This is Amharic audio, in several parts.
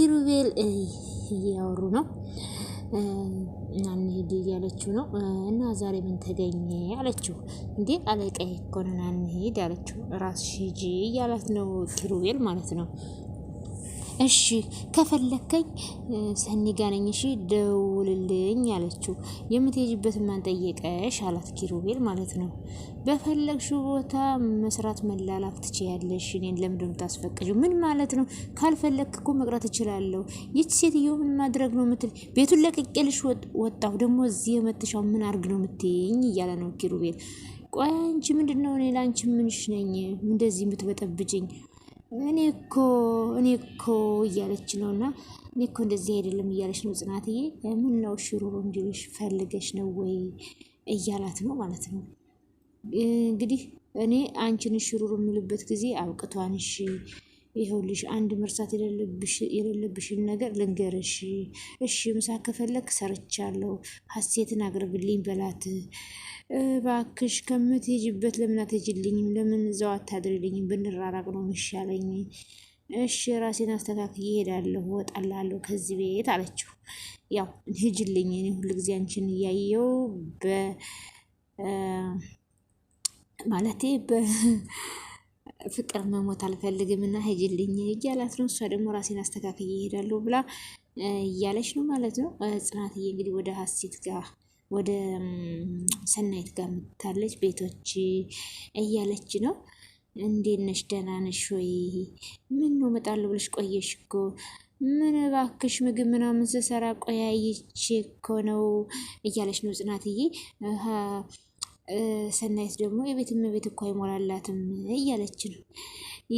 ኪሩቤል እያወሩ ነው እናንሄድ እያለችው ነው። እና ዛሬ ምን ተገኘ አለችው። እንዴ አለቀ እኮ ነን አንሂድ አለችው። ራስሽ ሂጂ እያላት ነው ኪሩቤል ማለት ነው። እሺ ከፈለከኝ ሰኒ ጋር ነኝ፣ እሺ ደውልልኝ አለችው። የምትሄጅበት ማን ጠየቀሽ አላት ኪሩቤል ማለት ነው። በፈለግሽው ቦታ መስራት መላላክ ትችያለሽ። እኔን ለምንድን ነው ምን ማለት ነው? ካልፈለክኩ እኮ መቅረት እችላለሁ። ይች ሴትዮ ምን ማድረግ ነው ምትል? ቤቱን ለቅቄልሽ ወጣሁ፣ ደግሞ እዚህ የመተሻው ምን አድርግ ነው ምትይኝ? እያለ ነው ኪሩቤል ቆይ አንቺ ምንድን ነው? እኔ ለአንቺ ምንሽ ነኝ እንደዚህ የምትበጠብጭኝ? እኔ እኮ እኔ እኮ እያለች ነው እና እኔ እኮ እንደዚህ አይደለም እያለች ነው ጽናትዬ። ምን ነው ሽሩሩ እንዲልሽ ፈልገሽ ነው ወይ እያላት ነው ማለት ነው። እንግዲህ እኔ አንቺን ሽሩሩ የምልበት ጊዜ አብቅቷንሽ ይኸውልሽ አንድ መርሳት የሌለብሽን ነገር ልንገርሽ። እሺ ምሳ ከፈለግ ሰርቻለሁ፣ ሀሴትን አቅርብልኝ በላት። እባክሽ ከምትሄጂበት ለምን አትሄጂልኝም? ለምን እዛው አታድሪልኝም? ብንራራቅ ነው የሚሻለኝ። እሺ ራሴን አስተካክዬ እሄዳለሁ፣ እወጣላለሁ ከዚህ ቤት አለችው። ያው ሂጅልኝ፣ እኔ ጊዜ አንቺን እያየው በ ማለቴ በ ፍቅር መሞት አልፈልግም እና ሄጅልኝ እያላት ነው። እሷ ደግሞ ራሴን አስተካክዬ ይሄዳሉ ብላ እያለች ነው ማለት ነው። ጽናትዬ እንግዲህ ወደ ሀሴት ጋር ወደ ሰናይት ጋር ምታለች ቤቶች እያለች ነው። እንዴት ነሽ? ደህና ነሽ ወይ? ምን ነው እመጣለሁ ብለሽ ቆየሽ እኮ ምን እባክሽ ምግብ ምናምን ስሰራ ቆያይቼ እኮ ነው እያለች ነው ጽናትዬ ሰናይት ደግሞ የቤት እመቤት እኮ አይሞላላትም እያለች ነው።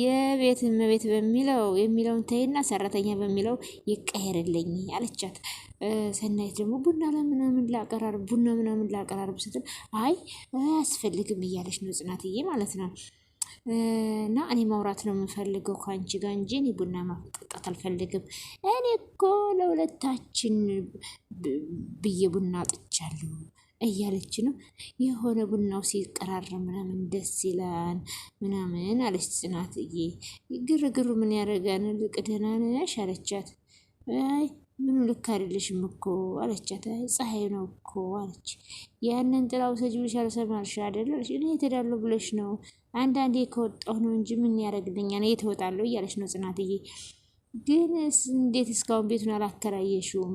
የቤት እመቤት በሚለው የሚለውን ተይና ሰራተኛ በሚለው ይቀየርልኝ አለቻት። ሰናይት ደግሞ ቡና ለምናምን ላቀራርብ ቡና ምናምን ላቀራርብ ስትል አይ አያስፈልግም እያለች ነው ጽናትዬ ማለት ነው። እና እኔ ማውራት ነው የምፈልገው ከአንቺ ጋር እንጂ እኔ ቡና ማጠጣት አልፈልግም። እኔ እኮ ለሁለታችን ብዬ ቡና አጥቻለሁ እያለች ነው የሆነ ቡናው ሲቀራረብ ምናምን ደስ ይላል ምናምን አለች ጽናትዬ። ግርግሩ ምን ያደርጋን ልቅ ደህና ነሽ አለቻት። አይ ምኑ ልክ አይደለሽም እኮ አለቻት። ፀሐይ ነው እኮ አለች። ያንን ጥላው ውሰጅ ብለሽ አልሰማልሽ አይደል አለች። እኔ እሄዳለሁ ብለሽ ነው አንዳንዴ ከወጣሁ ነው እንጂ ምን ያደርግልኛል እየተወጣለሁ እያለች ነው ጽናትዬ ግን እንዴት እስካሁን ቤቱን አላከራየሽውም?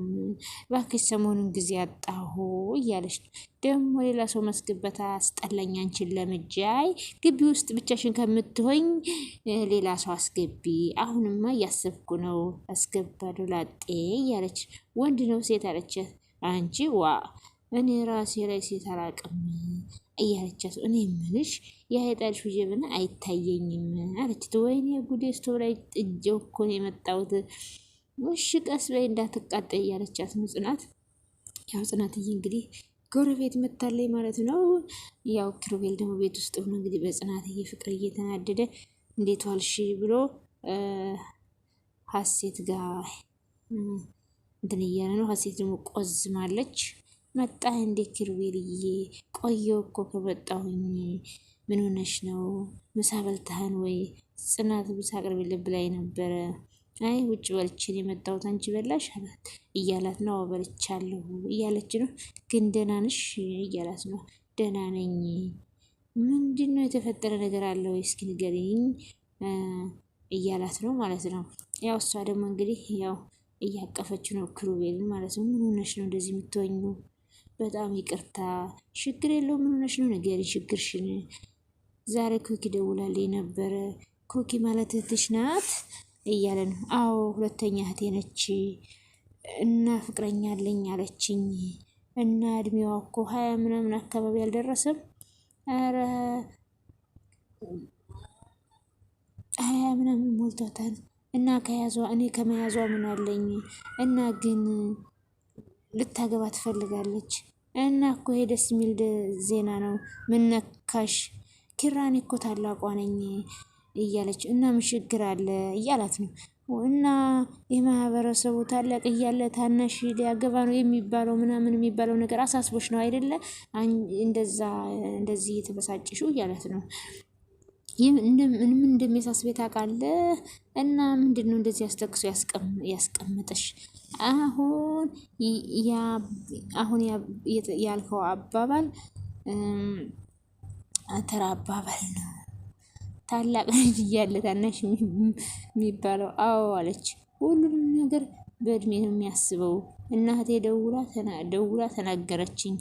እባክሽ ሰሞኑን ጊዜ አጣሁ እያለች ነው። ደግሞ ሌላ ሰው ማስገባት አስጠላኝ። አንቺን ለምጃይ ግቢ ውስጥ ብቻሽን ከምትሆኝ ሌላ ሰው አስገቢ። አሁንማ እያሰብኩ ነው አስገባሉ ላጤ እያለች ወንድ ነው ሴት አለች። አንቺ ዋ እኔ ራሴ ላይ ሴት አላቅም እያለቻት እኔ የምልሽ የሀይጣልሽ ውጀብና አይታየኝም አለችት። ወይኔ ጉዴ ስቶብ ላይ ጥጄው እኮ ነው የመጣሁት። እሺ ቀስ በይ እንዳትቃጠ እያለቻት ነው ጽናት። ያው ጽናትዬ እንግዲህ ጎረቤት መታለይ ማለት ነው። ያው ኪሩቤል ደግሞ ቤት ውስጥ ሆኖ እንግዲህ በጽናትዬ ፍቅር እየተናደደ እንዴት ዋልሽ ብሎ ሀሴት ጋር እንትን እያለ ነው። ሀሴት ደግሞ ቆዝማለች። መጣ እንዴ ኪሩቤልዬ? ቆየው እኮ ከመጣሁኝ። ምን ሆነሽ ነው? ምሳ በልተሃን ወይ? ጽናት ምሳ አቅርቢልኝ ብላኝ ነበረ። አይ ውጭ በልችን የመጣሁት አንቺ በላሽ አላት እያላት ነው። በልቻለሁ እያለች ነው። ግን ደህና ነሽ እያላት ነው። ደህና ነኝ። ምንድን ነው የተፈጠረ ነገር አለ ወይ? እስኪ ንገሪኝ እያላት ነው ማለት ነው። ያው እሷ ደግሞ እንግዲህ ያው እያቀፈች ነው ክሩቤል ማለት ነው። ምን ሆነሽ ነው እንደዚህ የምትወኙ በጣም ይቅርታ፣ ችግር የለው ምን ሆነሽ ነው? ንገሪኝ ችግርሽን። ዛሬ ኮኪ ደውላልኝ ነበረ። ኮኪ ማለት እህትሽ ናት እያለ ነው። አዎ ሁለተኛ እህቴ ነች እና ፍቅረኛ አለኝ አለችኝ እና እድሜዋ እኮ ሀያ ምናምን አካባቢ አልደረሰም። ኧረ ሀያ ምናምን ሞልቷታል። እና ከያዟ እኔ ከመያዟ ምን አለኝ እና ግን ልታገባ ትፈልጋለች እና እኮ ይሄ ደስ የሚል ዜና ነው። ምነካሽ ኪራኔ እኮ ታላቋ ነኝ እያለች እና ምሽግር አለ እያላት ነው እና የማህበረሰቡ ታላቅ እያለ ታናሽ ሊያገባ ነው የሚባለው ምናምን የሚባለው ነገር አሳስቦች ነው አይደለ? እንደዛ እንደዚህ የተበሳጭሽው እያለት ነው። ምንም እንደሚያሳስብ ታውቃለህ። እና ምንድን ነው እንደዚህ አስጠቅሶ ያስቀምጥሽ አሁን አሁን ያልከው አባባል አተራ አባባል ነው። ታላቅ ልጅ እያለ ታናሽ የሚባለው አዎ አለች። ሁሉንም ነገር በእድሜ ነው የሚያስበው። እናቴ ደውላ ተናገረችኝ።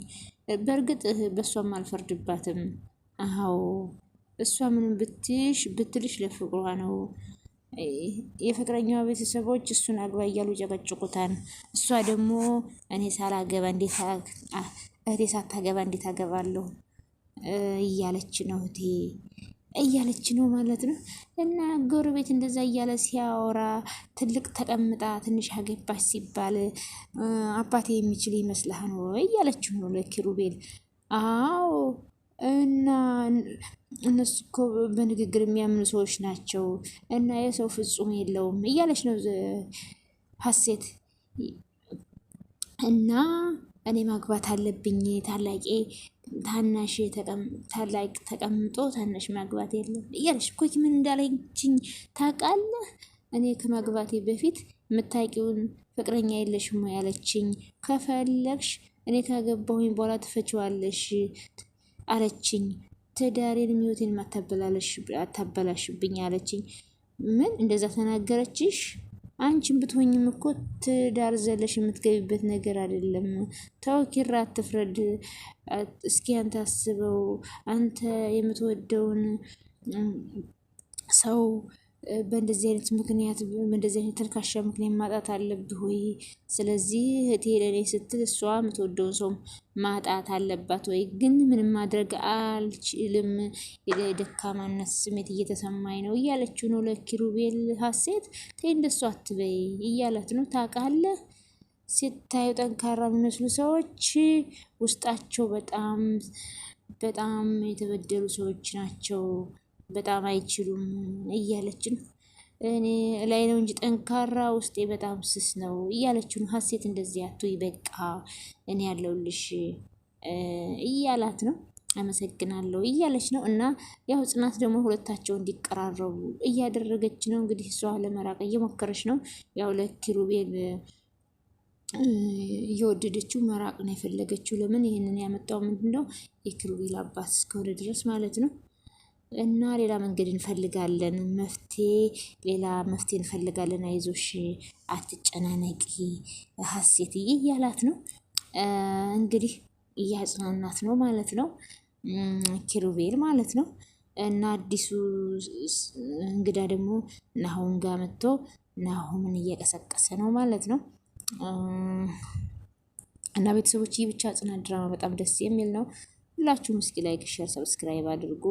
በእርግጥ በእሷም አልፈርድባትም። አዎ እሷ ምንም ብትሽ ብትልሽ ለፍቅሯ ነው። የፍቅረኛዋ ቤተሰቦች እሱን አግባ እያሉ ጨቀጭቁታል። እሷ ደግሞ እኔ ሳላገባ እንዴት እህቴ ሳታገባ እንዴት አገባለሁ እያለች ነው እህቴ እያለች ነው ማለት ነው። እና ጎረቤት እንደዛ እያለ ሲያወራ ትልቅ ተቀምጣ ትንሽ አገባች ሲባል አባቴ የሚችል ይመስልሃል ወይ እያለችው ነው ለኪሩቤል። አዎ እና እነሱ እኮ በንግግር የሚያምኑ ሰዎች ናቸው እና የሰው ፍጹም የለውም እያለች ነው ሀሴት። እና እኔ ማግባት አለብኝ ታላቄ ታናሽ ታላቅ ተቀምጦ ታናሽ ማግባት የለም እያለች እኮ ምን እንዳለችኝ ታውቃለህ? እኔ ከማግባቴ በፊት የምታውቂውን ፍቅረኛ የለሽም ያለችኝ። ከፈለግሽ እኔ ካገባሁኝ በኋላ ትፈችዋለሽ አለችኝ። ትዳሬን ሚወቴን አታበላሽብኝ አለችኝ። ምን እንደዛ ተናገረችሽ? አንቺን ብትሆኝም እኮ ትዳር ዘለሽ የምትገቢበት ነገር አይደለም። ተው ኪራ አትፍረድ። እስኪ አንተ አስበው። አንተ የምትወደውን ሰው በእንደዚህ አይነት ምክንያት በእንደዚህ አይነት ተልካሻ ምክንያት ማጣት አለብህ ወይ? ስለዚህ እህቴ ለእኔ ስትል እሷ የምትወደውን ሰው ማጣት አለባት ወይ? ግን ምንም ማድረግ አልችልም፣ የደካማነት ስሜት እየተሰማኝ ነው እያለችው ነው ለኪሩቤል ሀሴት። ተይ እንደሷ አትበይ እያላት ነው። ታውቃለህ ሲታዩ ጠንካራ የሚመስሉ ሰዎች ውስጣቸው በጣም በጣም የተበደሉ ሰዎች ናቸው። በጣም አይችሉም ነው እኔ ላይ ነው እንጂ ጠንካራ ውስጤ በጣም ስስ ነው ነው። ሀሴት እንደዚህ አቱ በቃ እኔ ያለውልሽ እያላት ነው። አመሰግናለሁ እያለች ነው። እና ያው ጽናት ደግሞ ሁለታቸው እንዲቀራረቡ እያደረገች ነው። እንግዲህ እሷ ለመራቅ እየሞከረች ነው። ያው ለኪሩቤል እየወደደችው መራቅ ነው የፈለገችው። ለምን ይህንን ያመጣው ምንድን ነው የኪሩቤል አባት እስከሆነ ድረስ ማለት ነው። እና ሌላ መንገድ እንፈልጋለን፣ መፍትሄ ሌላ መፍትሄ እንፈልጋለን፣ አይዞሽ፣ አትጨናነቂ ሀሴትዬ እያላት ነው እንግዲህ እያጽናናት ነው ማለት ነው ኪሩቤል ማለት ነው። እና አዲሱ እንግዳ ደግሞ ናሁን ጋር መጥቶ ናሁምን እየቀሰቀሰ ነው ማለት ነው። እና ቤተሰቦች ይህ ብቻ ጽናት ድራማ በጣም ደስ የሚል ነው። ሁላችሁም እስኪ ላይክ፣ ሸር፣ ሰብስክራይብ አድርጉ።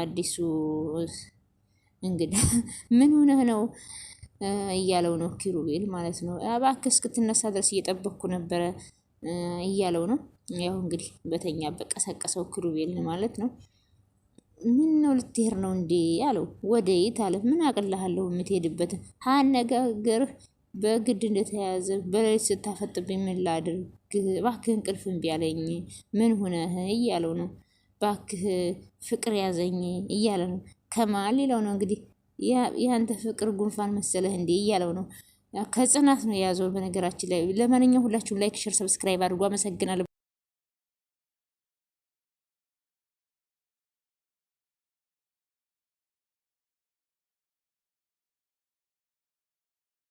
አዲሱ እንግዳ ምን ሆነህ ነው እያለው ነው ኪሩቤል ማለት ነው። እባክህ እስክትነሳ ድረስ እየጠበቅኩ ነበረ እያለው ነው። ያው እንግዲህ በተኛ በቀሰቀሰው ኪሩቤል ማለት ነው። ምን ነው ልትሄድ ነው እንዴ አለው። ወደየት አለ። ምን አቅልሃለሁ የምትሄድበትን አነጋገርህ በግድ እንደተያዘ በሌሊት ስታፈጥብኝ ምን ላድርግ እባክህ እንቅልፍ እምቢ አለኝ ምን ሆነህ እያለው ነው። እባክህ ፍቅር ያዘኝ እያለ ነው። ከማል ሌላው ነው እንግዲህ ያንተ ፍቅር ጉንፋን መሰለህ እንዴ እያለው ነው። ከጽናት ነው የያዘው በነገራችን ላይ። ለማንኛውም ሁላችሁም ላይክ፣ ሸር፣ ሰብስክራይብ አድርጎ አመሰግናለሁ።